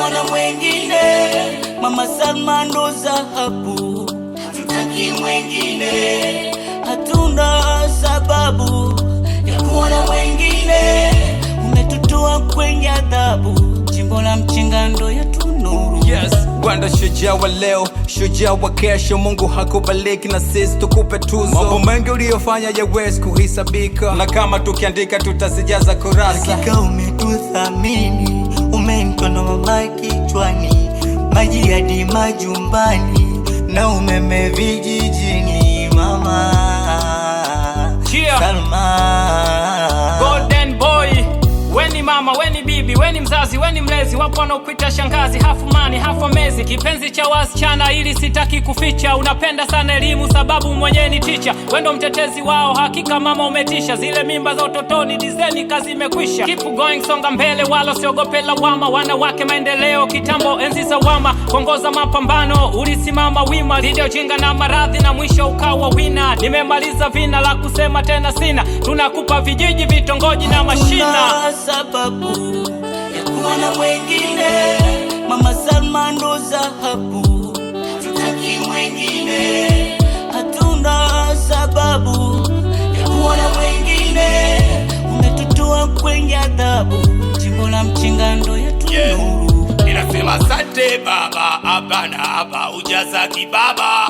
mwana mwengine, Mama Salma ndo dhahabu, hatutaki mwengine, hatuna sababu ya kuona mwengine. Umetutoa kwenye adhabu, jimbo la mchinga ndo yetu nuru. Yes, Rwanda shujaa wa leo, shujaa wa kesho. Mungu hakubaliki na sisi tukupe tuzo. Mambo mengi uliyofanya yawezi kuhisabika, na kama tukiandika tutazijaza kurasa. Hakika umetuthamini mkono wa mama kichwani, maji hadi majumbani na umeme vijijini. ni mzazi, we ni mlezi, wapo wanaokuita shangazi, hafu mani hafu mezi kipenzi cha wasichana, ili sitaki kuficha. Unapenda sana elimu sababu mwenyewe ni ticha, wendo mtetezi wao, hakika mama umetisha. Zile mimba za utotoni dizeni, kazi imekwisha. Keep going, songa mbele, wala siogope lawama. Wanawake maendeleo, kitambo enzi za wama, kongoza mapambano, ulisimama wima dhidi ya ujinga na maradhi, na mwisho ukawa wina. Nimemaliza vina la kusema tena sina, tunakupa vijiji, vitongoji na mashina sababu mwana wengine Mama Salma ndo dhahabu, tutaki mwengine, hatuna sababu ya kuona wengine. Umetutoa kwenye adhabu, jimbo la mchinga ndo yetu nuru. Inasema asante Baba, hapa na hapa ujaza kibaba,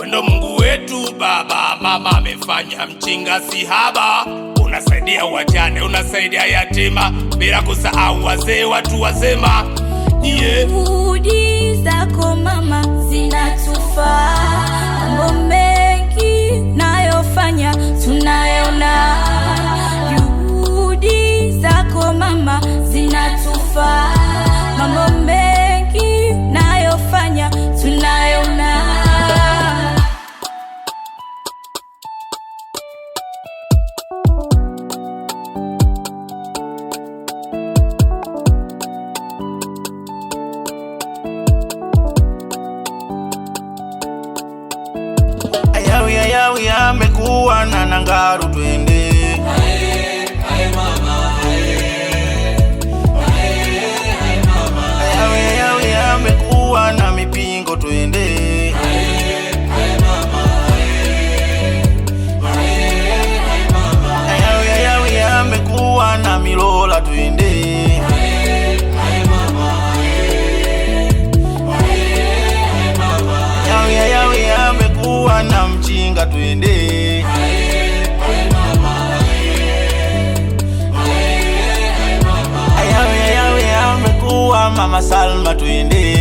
wendo Mungu wetu Baba, mama amefanya mchinga si haba unasaidia wajane, unasaidia yatima, bila kusahau wazee, watu wazema. Juhudi zako mama zinatufaa. Malawi amekuwa na Nangaru twende mwana mchinga, twende ayawe, ayawe, amekuwa mama Salma, twende